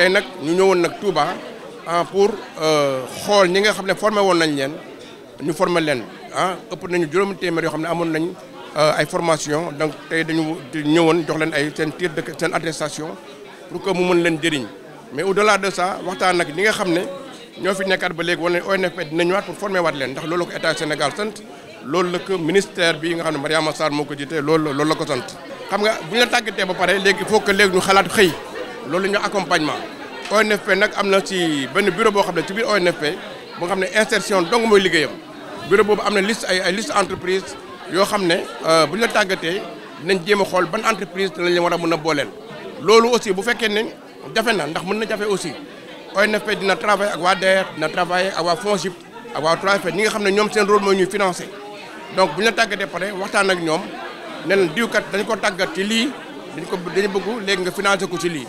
tey nag ñu ñëwoon nag Touba ah pour euh, xool ñi nga xam ne formé woon nañ leen ñu formé leen ah ëpp nañu juróomi téeméer yoo xam ne amoon nañ euh, ay formation donc tey dañu ñëwoon jox leen ay seen titre de seen attestation pour que mu leen jëriñ mais au delà de ça waxtaan nag ñi nga xam ne ñoo fi nekkaat ba léegi wala ONFP dina ñëwaat pour former waat leen ndax loolu ko état Sénégal sant loolu la ko ministère bi nga xam ne Mariama Sarr moo ko jiite loolu loolu la ko xam nga bu ñu tàggatee ba pare léegi il faut ñu xalaat xëy. loolu la ñu accompagnement ONFP nag am na ci benn bureau boo xam ne ci biir ONFP boo xam ne insertion dong mooy liggéeyam bureau boobu am na liste ay ay liste entreprise yoo xam ne euh, bu ñu tàggatee dinañ jéem a xool ban entreprise lañ leen war a mën a booleel. loolu aussi bu fekkee ne jafe na ndax mën na jafe aussi ONFP dina travailler ak waa DER dina travailler ak waa FONGIP ak waa 3FPT ñi nga xam ne ñoom seen rôle mooy ñuy financer donc bu ñu tàggatee pare waxtaan ak ñoom ne leen diwkat dañ ko tàggat ci lii dañ ko dañ bëgg léegi nga financer ko ci lii.